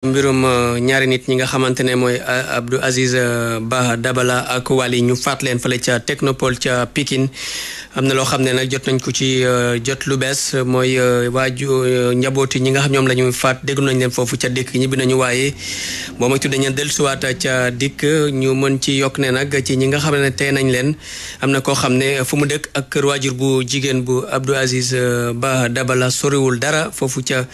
mbirum euh, ñaari nit ñi nga xamante ne mooy euh, Abdou Aziz euh, Ba Dabala ak Wali ñu faat leen fale ca Technopole ca Pikine am na loo xam ne nag jot nañ ko ci jot lu bees mooy waaju njabooti ñi nga xam ñoom la ñu faat déglu nañ leen foofu ca dikk ñibbi nañu waaye boo ma tuddee ñu dellusiwaat ca dikk ñu mën ci yokk ne nag ci ñi nga xam ne tey nañ leen am na koo xam ne fu mu dëkk ak kër waajur bu jigéen bu Abdou Aziz Ba Dabala soriwul dara foofu ca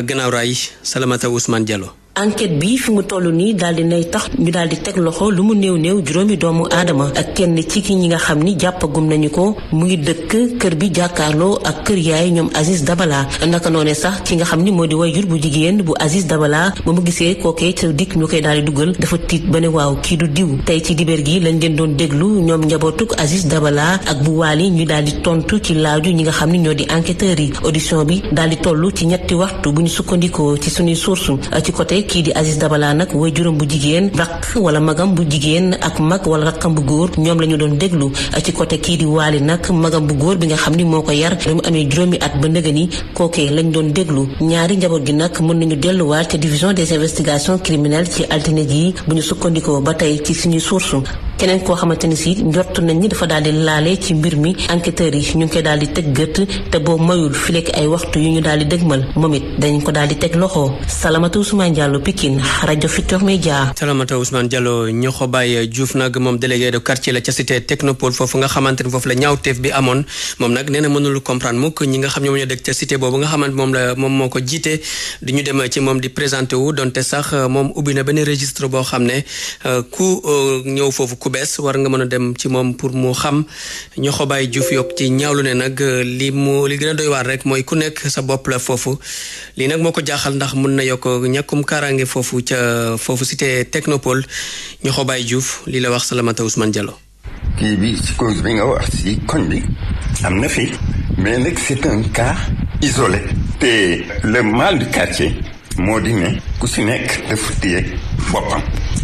gannaaw raay Salamata Ousmane Diallo enquête bi fi mu toll nii daal di nay tax ñu daal di teg loxo lu mu néew néew juróomi doomu aadama ak kenn ci ki ñi nga xam ni jàppagum nañu ko mu ngi dëkk kër bi jàkkaarloo ak kër yaay ñoom Aziz Dabala naka noone sax ci nga xam ni moo di way jur bu jigéen bu Aziz Dabala ba mu gisee kookee ca dikk ñu koy daal di dugal dafa tiit ba waaw kii du diw tey ci dibeer gi lañ leen doon déglu ñoom njabootuk Aziz Dabala ak bu waali ñu daal di tontu ci laaju ñi nga xam ni ñoo di enquêteurs yi audition bi daal di toll ci ñetti waxtu bu ñu sukkandikoo ci suñuy source ci côté kii di Aziz Dabala nag way juróom bu jigéen raq wala magam bu jigéen ak mag wala raqam bu góor ñoom la ñu doon déglu eh, ci côté kii di Waali nag magam bu góor bi nga xam ni moo ko yar damu amee juróomi at ba nëga ni kookee lañ doon déglu ñaari njaboot gi nag mën nañu delluwaat ci division des investigations criminelles ci altine ji bu ñu sukkandikoo ba tey ci suñuy source keneen koo xamante ni si njort nañ ni dafa daal di laale ci mbir mi enquêteurs yi ñu ngi koy daal di teg gët te boo mayul fileeg ay waxtu yu ñu daal di dëgmal moom it dañ ko daal di teg loxo Salamata Ousmane Diallo Pikine rajo Futurs Médias. Salamata Ousmane Diallo ñoxo Baye Diouf nag moom délégué de quartier la ca cité technopole foofu nga xamante ni foofu la ñaawteef bi amoon moom nag nee na mënul comprendre mukk ñi nga xam ñoom ñoo dëkk ca cité boobu nga xamante moom la moom moo ko jiite du dem ci moom di présenté wu donte sax moom ubbi na benn registre boo xam ne euh, ku euh, ñëw foofu bees war nga mën a dem ci moom pour mu xam ñoxo bàyyi juuf yokk ci ñaawlu ne nag li mu li gën a doy waar rek mooy ku nekk sa bopp la foofu lii nag moo ko jaaxal ndax mën na yokk ñàkkum kaaraange foofu ca foofu cité technopole ñoxo bàyyi juuf lii la wax Salamata Ousmane Diallo. kii bi ci cause bi nga wax ci koñ bi am na fi mais nag c'est un cas te le mal du quartier moo di ne ku si nekk dafa téye boppam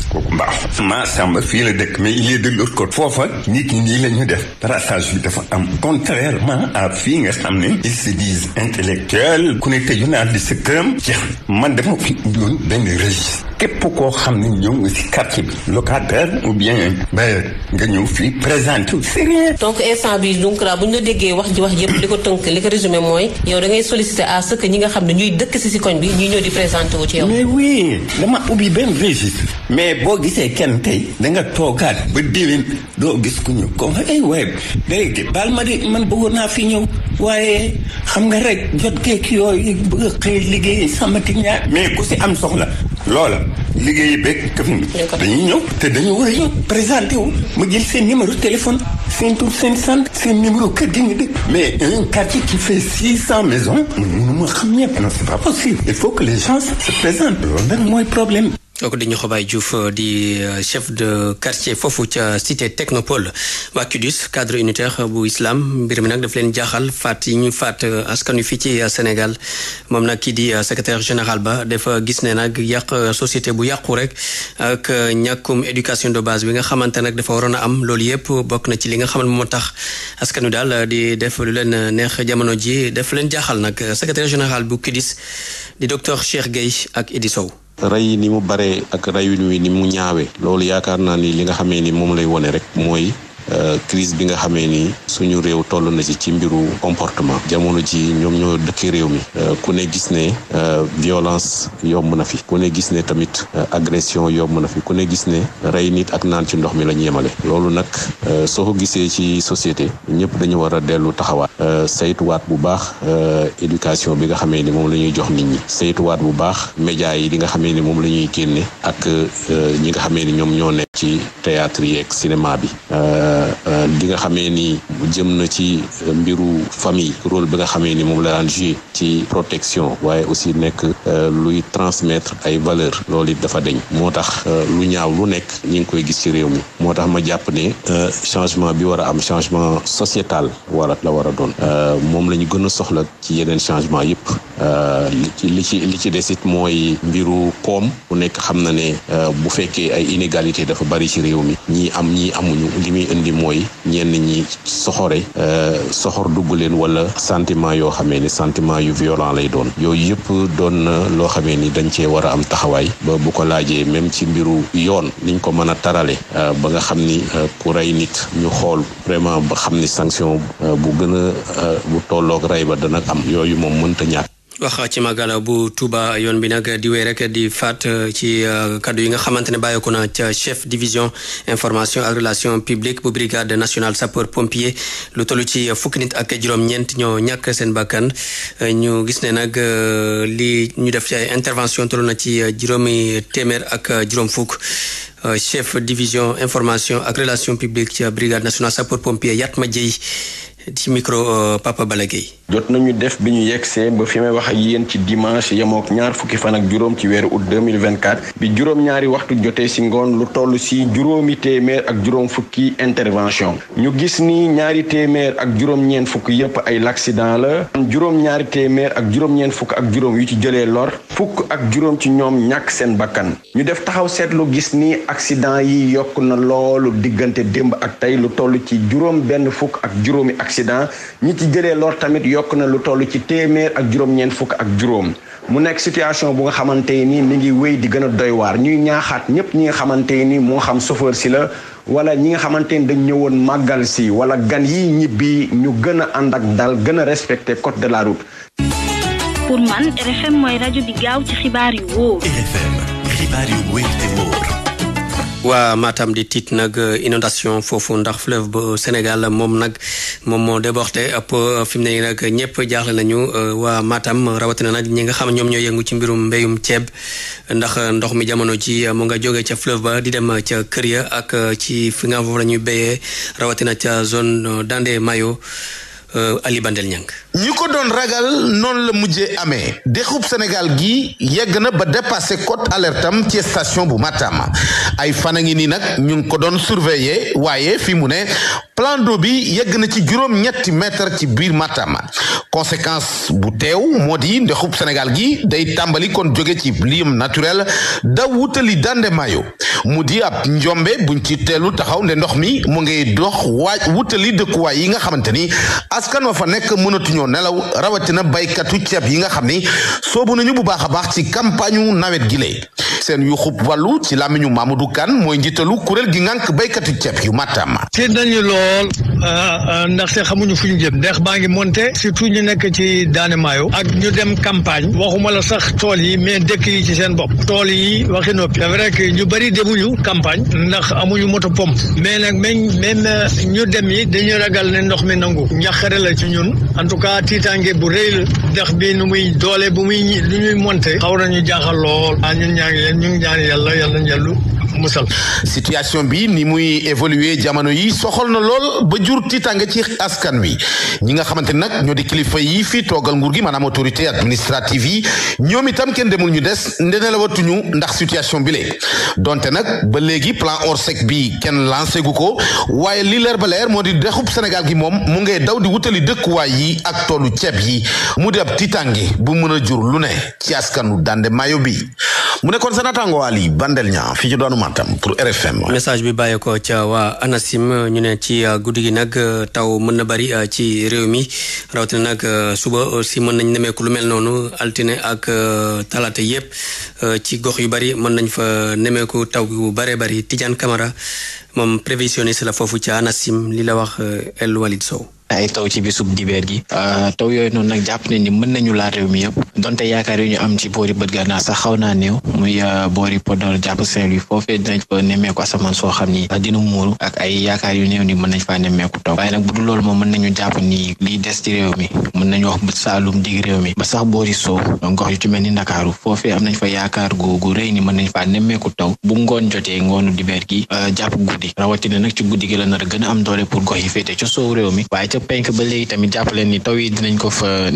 kooku mbaax ma sàmba fii la dëkk mais il est de foofa nit ñi nii la ñu def brassage bi dafa am contrairement à fii nga xam ne ils se disent intellectuels ku ne tëju naa di sa këram jeex man dama fi doon benn registre képp koo xam ne ñoom nga si quartier bi locataire ou bien bailleur nga ñëw fii présenté wu sérieux donc instant bi donc bu ñu la déggee wax ji wax yëpp li ko tënk li ko résumé mooy yow da ngay solliciter à ce que ñi nga xam ne ñuy dëkk si si koñ bi ñuy ñëw di présenté wu ci yow mais oui dama ubbi benn registre mais boo gisee kenn tey danga toogaat ba déwén doo gis ku ñu ko ay waaye léegi baal ma di man bëggoon naa fi ñëw waaye xam nga rek jot kekk yooyu bëgg a xëy liggéey samati ñaar mais ku si am soxla loola liggéey beeg këfin bi dañuy ñëw te dañu war a ñëw présenté wu ma jël seen numéro téléphone seen tur seen sant seen numéro kër gi nga dëkk mais un quartier qui fait six cent maisons mënu ma xam ñëpp non c'est pas possible il faut que les gens se présentent loolu nag mooy problème kooku di Niokhobaye Diouf euh, di euh, chef de quartier foofu ca cité technopole waa CUDIS cadre unitaire bu islam mbir mi nag daf leen jaaxal faat yi ñu faat euh, askan wi fii ci Sénégal moom nag kii di secretaire général ba defa gis ne nag yàq société bu yàqu rek ak ñàkkum éducation de base bi nga xamante nag dafa waroon a am loolu yëpp bokk na ci li nga xamante moo tax askan wi daal di def lu leen neex jamono ji def leen jaaxal nag secretaire général bu CUDIS di docteur Cheikh Gueye ak Idi Sow rey ni mu baree ak reyuñ wi ni mu ñaawee loolu yaakaar naa ni li nga xamee ni moom lay wone rek mooy Euh, crise bi nga xamee ni suñu réew toll na ci ci mbiru comportement jamono ji ñoom ñoo dëkkee réew mi euh, ku ne gis ne euh, violence yomb na fi ku ne gis ne tamit agression yomb na fi ku ne gis ne rey nit ak naan ci ndox mi la ñu yemale loolu nag soo gisee ci société ñëpp dañu war a dellu taxawaat saytuwaat bu baax éducation bi nga xamee ni moom la ñuy jox nit ñi saytuwaat bu baax média yi di nga xamee ni moom la ñuy génne ak ñi nga xamee ni ñoom ñoo nekk ci théâtre yeeg cinéma bi li euh, euh, nga xamee ni jëm na ci euh, mbiru famille rôle bi nga xamee ni moom la daan joué ci protection waaye aussi nekk luy transmettre ay valeur lool it dafa deñ moo tax lu ñaaw lu nekk ñi ngi koy gis ci réew mi moo tax ma jàpp ne changement bi war a am changement sociétal wara la war a doon moom la ñu gën a soxla ci yeneen changement yëpp li euh, ci li ci li ci des it mooy mbiru koom bu nekk xam na ne euh, bu fekkee ay inégalité dafa bari ci réew mi ñii am ñii amuñu li indi mooy ñenn ñi soxore euh, soxor dugg leen wala sentiment yoo xamee ni sentiment yu violent lay doon yooyu yëpp doon na loo xamee ni dañ cee war a am taxawaay ba bu ko laajee même ci mbiru yoon niñ ko mën a tarale ba nga xam ni ku rey nit ñu xool vraiment ba xam ni sanction bu gën a bu tolloog rey ba dana am yooyu moom mënta ñàkk wax ci magal bu Touba yoon bi nag di wéy rek di faat euh, ci euh, kaddu yi nga xamante ne bàyyeeku na ca chef division information ak relation publique bu brigade nationale sapeur pompier lu tollu ci fukki nit ak juróom-ñeent ñoo ñàkk seen bàkkan ñu gis ne nag euh, li ñu def ci ay intervention toll na ci juróomi téeméer ak juróom fukk chef division information ak relation publique ca brigade nationale sapeur pompier ma Dieye ci micro Papa Bala jot nañu def bi ñu yegsee ba fi may wax ak yéen ci dimanche yemook ñaar fukki fan ak juróom ci weeru août 2024 bi juróom-ñaari waxtu jotee si ngoon lu toll si juróomi téeméer ak juróom fukki intervention ñu gis ni ñaari téeméer ak juróom-ñeent fukk yépp ay l'accident la juróom-ñaari téeméer ak juróom-ñeent fukk ak juróom yu ci jëlee lor fukk ak juróom ci ñoom ñàkk seen bakkan ñu def taxaw seetlu gis ni accident yi yokk na loolu diggante démb ak tey lu toll ci juróom benn fukk ak juróomi accident ñi ci jëlee lor tamit yokk na lu toll ci téeméer ak juróom-ñeent fukk ak juróom mu nekk situation bu nga xamante ni mi ngi wéy di gën a ñuy ñaaxaat ñëpp ñi nga xamante ni moo xam chauffeur si la wala ñi nga xamante ni dañ ñëwoon màggal si wala gan yi ñibbi ñu gën a ànd ak dal gën a respecté code de la route. pour man RFM mooy rajo bi gaaw ci xibaar yu wóor. waa maatam di tiit nag euh, inondation foofu ndax fleuve bu Sénégal moom nag moom moo débordé ëpp euh, fi mu ne nii nag ñëpp jaaxle nañu euh, waa maatam rawatina nag ñi nga xam ñoom ñooy yëngu ci mbirum mbéyum ceeb ndax ndox mi jamono ji mu nga jógee ca fleuve ba di dem ca kër ya ak ci fi nga foofu la ñuy rawatina ca zone Dandé Mayo Euh, Ali Bandel Niang. ñi ko doon ragal noonu la mujjee amee dexub Sénégal gi yegg na ba dépassé côte alertam ci station bu Matam ay fan a ngi nii nag ñu ngi ko doon surveiller waaye fi mu ne plan d'eau bi yegg na ci juróom-ñetti mètre ci biir Matam conséquence bu teew moo di ndexub Sénégal gi day tàmbali kon jóge ci liyam naturel da wutali dande maayo mu di ab njombe buñ ci teelu taxaw nde ndox mi mu ngay dox waaj wutali dëkkuwaay yi nga xamante ni askan wa fa nekk mënatuñoo nelaw rawatina baykatu ceeb yi nga xam ni soobu nañu bu baax a baax ci campagne nawet gi lay seen yu xub wàllu ci làmmiñu du kan mooy njiitalu kuréel gi ngànk béykatu ceeb yu Matam. tiit nañu lool euh, euh, ndaxte xamuñu fu ñu jëm ndeex baa ngi monté surtout ñu nekk ci daane maayo ak ñu dem campagne waxuma la sax tool yi mais dëkk yi ci seen bopp tool yi waxi noppi c'est vrai que ñu bëri demuñu campagne ndax amuñu moto pom mais nag même même euh, ñu dem yi dañu ragal ne ndox mi nangu njaqare la ci ñun en tout cas tiitaange bu rëy la ndax bi nu muy doole bu muy lu ñuy monté xaw nañu jaaxal yéen ñu ngi ñaan yàlla yàlla nañ yàllu musal situation bi ni muy évoluer jamono yi soxal na lool ba jur tiitànge ci askan wi ñi nga xamante ni nag ñoo di kilifa yi fi toogal nguur gi maanaam autorité administrative yi ñoom itam kenn demul ñu des ndene la watuñu ndax situation bi lee donte nag ba léegi plan Orsec bi kenn lancé gu ko waaye li leer ba leer moo di dexub Sénégal gi moom mu ngay daw di wutali dëkkuwaay yi ak toolu ceeb yi mu di ab tiitànge bu mën a jur lu ne ci askanu Dande Mayo bi mu nekkoon Matam pour RFM. message bi bàyyeekoo ca waa ANACIM ñu ne ci euh, guddi gi nag euh, taw mën na bari euh, ci réew mi rawatina nag suba aussi mën nañ nemeeku lu mel noonu altine ak talaata yëpp ci gox yu bari mën nañ fa nemeeku taw yu baree bari Tidiane kamara moom prévisionniste la foofu ca ANACIM lii la wax El Walid Sow. ay taw ci bisub dibeer gi euh, taw yooyu noonu nag jàpp nañ ni mën nañu laa réew mi yëpp donte yaakaar yi ñu am ci boori bët gànnaar sax xaw naa néew muy euh, boori Podor jàpp Saint-Louis foofee dinañ fa nemmeeku asamaan soo xam ni dina muuru ak ay yaakaar yu néew ni mën nañ faa nemmeeku taw waaye nag bu dul loolu moom mën nañu jàpp ni liy des ci réew mi mën saalum dig mi ba sax boori soow gox yu ci mel ni Ndakaaru foofee am nañ fa yaakaar gu gu ni mën nañ faa nemmeeku taw bu ngoon jotee ngoonu dibeer gi euh, jàpp guddi rawatina nag ci guddi gi la nar gën a am doole pour gox yi féete ca soow mi waaye ca penk ba léegi tamit jàpp ni taw yi dinañ ko fa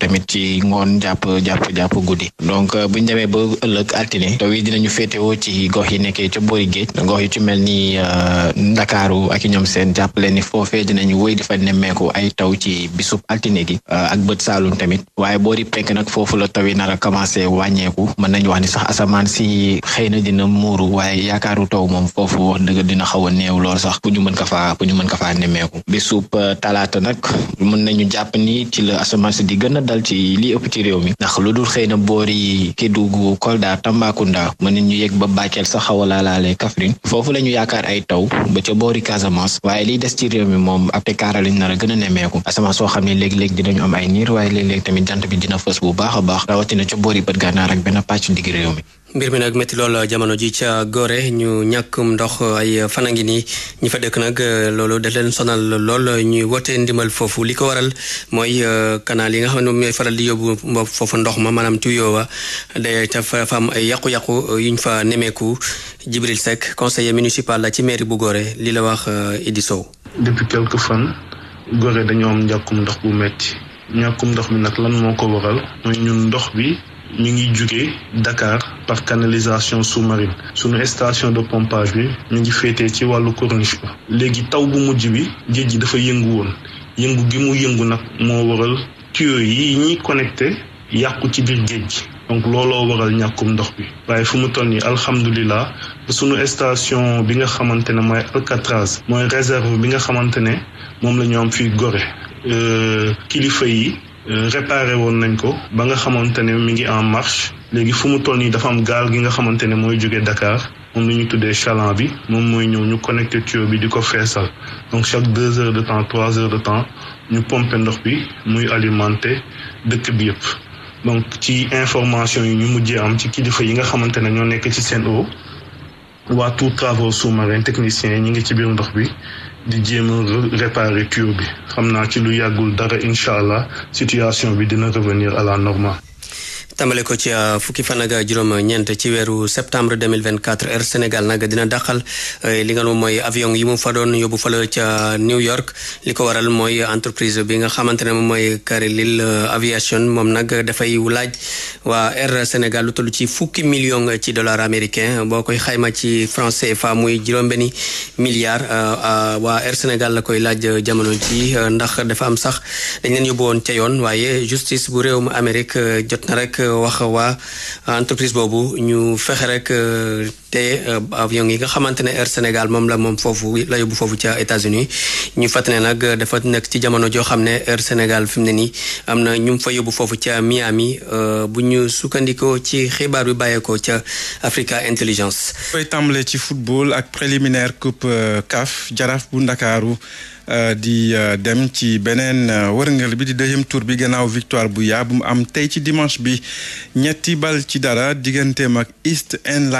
tamit ci ngoon jàpp jàpp jàpp guddi donc euh, bu demee ba ëllëg altine taw yi dinañu féetewoo ci gox yi nekkee ca boori géej gox yu ci mel ni euh, ndakaaru ak ñoom seen jàpp ni foofee dinañu wéy di fa nemmeeku ay taw ci bisub altine gi euh, ak bët saalum tamit waaye boori penk nag foofu la taw yi nar a commencé wàññeeku mën nañu wax ni sax asamaan si xëy na dina muuru waaye yaakaaru taw moom foofu wax dina xaw a néew lool sax bu mën ka fa bu ñu mën nemmeeku laalaata nag mën nañu jàpp ni ci la asamaan di gën a dal ci li ëpp ci réew mi ndax lu dul xëy na boori Kédougou Kolda Tambacounda mën nañu yegg ba Bakel sax xaw a laalaale Kaffrine foofu la ñu yaakaar ay taw ba ca boori Casamance waaye liy des ci réew mi moom ab tekaara lañ nar a gën a nemmeeku asamaan soo xam ne léeg-léeg dinañu am ay niir waaye léeg-léeg tamit jant bi dina fës bu baax a baax rawatina ca boori bët gànnaar ak benn pàcc digg réew mi mbir mi nag métti lool jamono ji ca Gorée ñu ñàkkum ndox ay fan a ngi nii ñu fa dëkk nag loolu da leen sonal lool ñuy wootee ndimbal foofu li ko waral mooy euh, canal yi nga xam ne moom ñooy faral di foofu ndox ma maanaam tuyoo wa day fa am ay yàqu-yàqu euh, yuñ fa nemeeku Jibril Seck conseiller municipal la ci mairie bu Gorée li la wax euh, Idi Sow. depuis quelques fan Gorée dañoo am ñàkkum ndox bu métti ñàkkum ndox mi nag lan moo ko waral mooy ñun ndox bi. ñu ngi jugee dakaar par canalisation sous-marine suñu station de pompage bi ñu ngi féetee ci wàllu corniche ba léegi taw bu mujj bi géej gi dafa yëngu woon yëngu gi mu yëngu nag moo waral tuyaux yi ñuy connecté yàqu ci biir géej gi donc looloo waral ñàkkum ndox bi waaye fu mu toll nii alhamdulilah suñu station bi nga xamante ne mooy Alcatraz mooy réserve bi nga xamante ne moom la ñu am fii Gorée euh, kilifa yi Euh, réparé woon nañ ko ba nga xamante ne mi ngi en marche léegi fu mu toll nii dafa am gaal gi nga xamante ne mooy jóge Dakar moom la ñu tuddee chaland bi moom mooy ñëw ñu connecté tuyau bi di ko feesal donc chaque deux heures de temps trois heures de temps ñu pompe ndox bi muy alimenté dëkk bi yëpp. donc ci information yi ñu mujjee am ci kilifa yi nga xamante ne ñoo nekk ci Sen'Eau waa tout travaux sous-marins technicien yi ñu ngi ci biir ndox bi. di jéem a réparer tuyau bi xam naa ci lu yàggul dara incha allah situation bi dina revenir à la normale. tàmbale ko ci euh, fukki fan ak juróom-ñeent ci weeru septembre 2024 Air Sénégal nag dina dàqal euh, li nga moom mooy avion yi mu fa doon yóbbu fala ca New York li ko waral mooy entreprise bi nga xamante ne moom mooy Carril euh, Aviation moom nag dafay laaj waa Air Sénégal lu toll ci fukki million ci dollar américain boo koy xayma ci franc CFA muy juróom-benni milliard waa Air Sénégal la koy laaj jamono ji ndax dafa am sax dañ leen yóbbu woon ca yoon waaye justice bu jot na wax waa entreprise boobu ñu fexe rek euh, te euh, avion yi nga xamante ne Air Sénégal moom la moom foofu la yóbbu foofu ca États-Unis ñu fàttali nag dafa nekk ci jamono joo xam ne Air Sénégal fi mu ne nii am na ñu fa yóbbu foofu ca Miami euh, bu ñu sukkandikoo ci xibaar bi bàyyeekoo ca Africa Intelligence. koy tàmbale ci football ak préliminaire coupe euh, CAF jaraaf bu ndakaaru di dem ci beneen wërngal bi di deuxième tour bi gannaaw victoire bu yaa bu mu am tey ci dimanche bi ñetti bal ci dara digganteem ak East End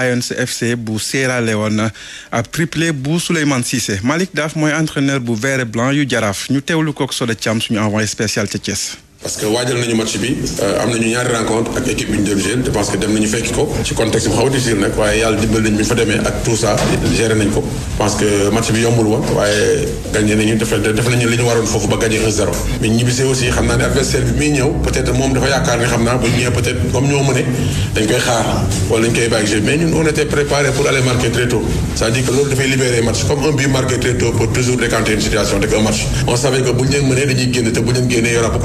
Cissé bu Sierra Leone ab triplé bu Souleymane Cissé Malick Daaf mooy entraîneur bu vert et blanc yu jaraaf ñu teewlu kook Soda Thiam suñu envoyé spécial ca Thiès. parce que waajal nañu match bi euh, am nañu ñaari rencontre ak équipe bi ñu jël jeune je pense que dem nañu fekki ko ci contexte bu xaw a difficile nag waaye yàlla dimbal nañ bi fa demee ak tout ça géré ko je que match bi yombul woon waaye gagné nañu def def nañu waroon foofu ba gagné 1-0 mais ñibbisee aussi xam naa ne adversaire bi muy ñëw peut moom dafa yaakaar ne xam naa bu ñëwee peut être comme ñoo mëne dañ koy xaar wala dañ koy bàyyi jeu mais ñun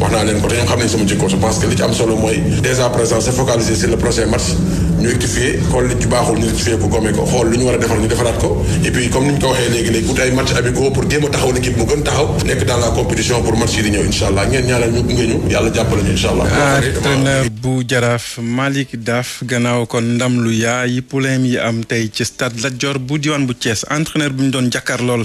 wax naa leen ko te ñu xam ne sama jikko je pense que li am solo mooy dès à présent se focaliser sur le prochain match ñu rectifier xool ci baaxul ñu rectifier bu gomme ko xool lu ñu war a defar ñu defaraat ko et puis comme ni ñu ko waxee léegi léegi ut ay match amicaux pour jéem taxaw nekk dans compétition pour match yi di ñëw incha allah ngeen ñaanal ñu gunge ñu yàlla jàppale ñu incha allah. Ah, entraîneur bu jaraaf Malick Daaf gannaaw kon ndam lu yaay problème yi am tey ci stade Lat Dior bu diwaan bu Thiès entraîneur bu ñu doon lool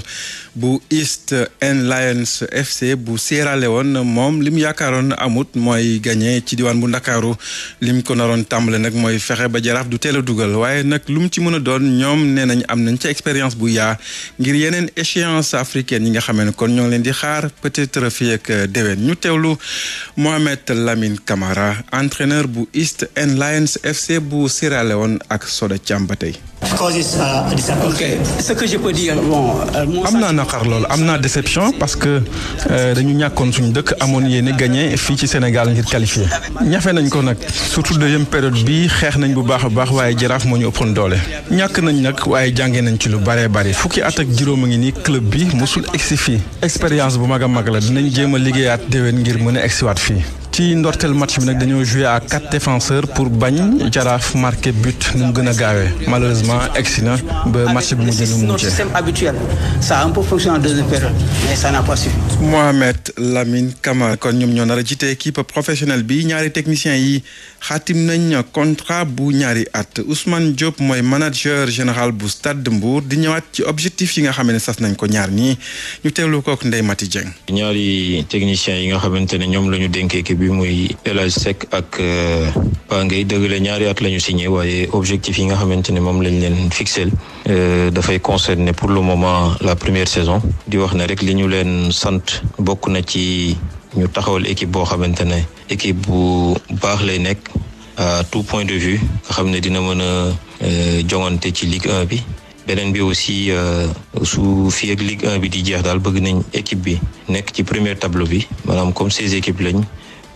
bu East End Lions FC bu Sierra moom li mu yaakaaroon amut mooy gagné ci diwaan bu Ndakaaru lim ko naroon tàmbale nag mooy fexe ba jaraaf du teel a dugal waaye nag lu mu ci mën a doon ñoom nee nañ am nañ ca expérience bu yaa ngir yeneen échéance africaine yi nga xamee ne kon ñoo ngi leen di xaar peut-être fii ak euh, déwén ñu teewlu Mohamed Lamine Camara entraîneur bu East End FC bu Sierra Leone ak Soda Thiam ba tey causes uh, disappointment. Euh, am naa naqar loolu am naa déception parce que euh, dañu ñàkkoon suñu dëkk amoon yéene gagné fii ci Sénégal ngir qualifié. ñafe nañ ko nag surtout deuxième période bi xeex nañ bu baax a baax waaye jaraaf moo ñu ëppoon doole. ñàkk nañ nag waaye jàngee nañ ci lu baree bari fukki at ak juróom a ngi nii club bi mosul egsi fii expérience bu mag a mag la dinañ jéem a liggéeyaat déwén ngir mën a egsiwaat fii. ci ndorteel match bi nag dañoo joué à quatre défenseurs pour bañ jaraaf marqué but nu mu gën a gaawee malheureusement egsi na ba match bi mu gën a mujjee. système habituel ça a un peu fonctionné en mais ça n'a pas Mohamed Lamine Camara kon ñoom ñoo nar a jiite équipe professionnelle bi ñaari techniciens yi xaatim nañ contrat bu ñaari at Ousmane Diop mooy manager général bu Stade Mbour di ñëwaat ci objectif yi nga xam ne sas nañ ko ñaar nii ñu teewlu kook Ndeye Mati Dieng. ñaari techniciens yi nga xamante ne ñoom la ñu dénk équipe bi muy El Seck ak euh, Pa Ngay dëgg la ñaari at la ñu signé waaye objectif yi nga xamante ne moom lañ leen fixel euh, dafay concerner pour le moment la première saison di wax na rek li ñu leen sant bokk na ci ñu taxawal équipe boo xamante ne équipe bu baax lay nekk à tout point de vue nga xam ne dina mën a euh, joŋante ci Ligue 1 bi beneen bi aussi su fii ak Ligue bi di jeex daal bëgg nañ équipe bi nekk ci premier tableau bi maanaam comme ces équipes lañ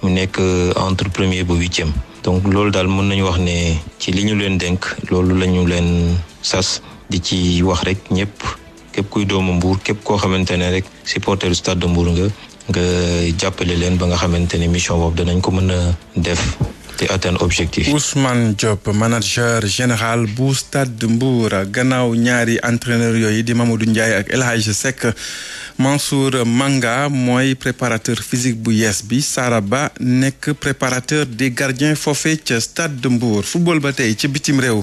mu nekk euh, entre premier ba huitième donc loolu daal mën nañu wax ne ci li ñu leen dénk loolu la ñu leen sas di ci wax rek ñëpp képp kuy doomu Mbour képp koo xamante ne rek supporter stade de Mbour nga nga jàppale leen ba nga xamante ne mission boobu danañ ko mën a def te atteindre objectif. Ousmane Diop manager général bu stade de a gannaaw ñaari entraîneur yooyu di ma Mamadou Ndiaye ak El Hadj Mansour Manga mooy préparateur physique bu yees bi Sara Ba nekk préparateur des gardiens foofee ca Stade de Mbour football ba tey ci bitim réew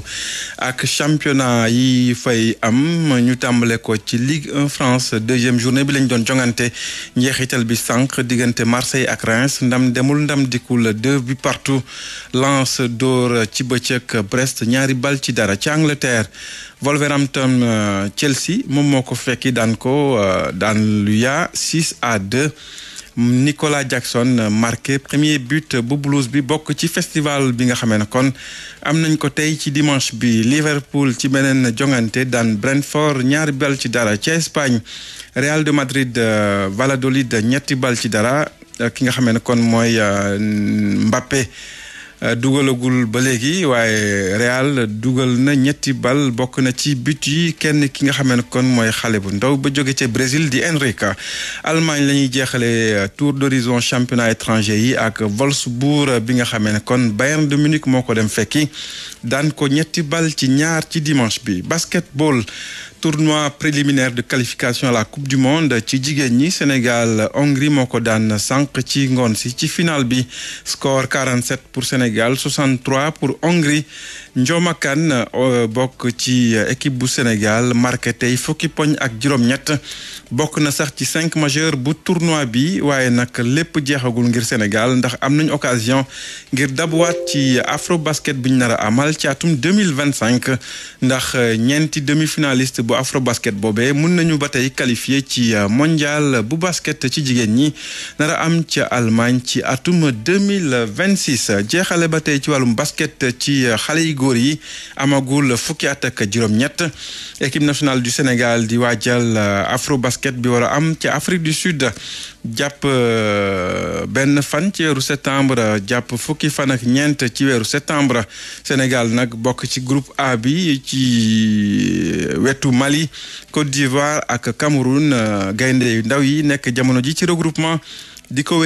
ak championnat yi fay am ñu tàmbale ko ci Ligue 1 France deuxième journée bi lañ doon jongante njeexital bi sànq diggante Marseille ak Reims ndam demul ndam dikul deux bi partout Lens door ci bëccëg Brest ñaari bal ci dara ci Angleterre Wolverhampton euh, Chelsea moom moo ko fekki daan ko euh, daan luya 6 à 2 Nicolas Jackson euh, marqué premier but bu blues bi bokk ci festival bi nga xamee ne kon am nañ ko tey ci dimanche bi Liverpool ci beneen jongante daan Brentford ñaari bal ci dara ci Espagne Real de Madrid Valladolid ñetti bal ci dara ki nga xamee ne kon mooy mbappe Euh, dugalagul ba léegi waaye réal dugal na ñetti ball bokk na ci bit yi kenn ki nga xamee ne kon mooy xale bu ndaw ba jóge ca Brésil di Henrique Allemagne la ñuy jeexale euh, tour d'horizon championnat étranger yi ak Wolfsburg euh, bi nga xamee ne kon Bayern de Munich moo ko dem fekki daan ko ñetti bal ci ñaar ci dimanche bi basketball tournoi préliminaire de qualification à la coupe du monde ci jigéen ñi Sénégal Hongrie moo ko daan sànq ci ngoon si ci finale bi score 47 pour Sénégal 63 pour Hongrie. Ndioma euh, bokk ci euh, équipe bu Sénégal marqué tey fukki poñ ak juróom-ñett bokk na sax ci cinq majeur bu tournoi bi waaye nag lépp jeexagul ngir Sénégal ndax am nañu occasion ngir dabuwaat ci afro basket bu ñu nar a amal ci atum deux mille vingt cinq ndax euh, ñeenti demi finaliste bu afro basket boobee mun nañu ba tey qualifié ci mondial bu basket ci jigéen ñi nar am ca Allemagne ci atum deux mille vingt six jeexale ba tey ci wàllum basket ci xale yi góor amagul fukki at ak ñett équipe national du Sénégal di waajal euh, afro basket bi war am ci Afrique du Sud jàpp euh, benn fan ci weeru septembre jàpp fukki fan ak ñeent ci weeru septembre Sénégal nag bokk ci groupe A bi ci euh, wetu Mali Côte d'Ivoire ak Cameroun gaynde yu ndaw yi nekk jamono ji ci regroupement di ko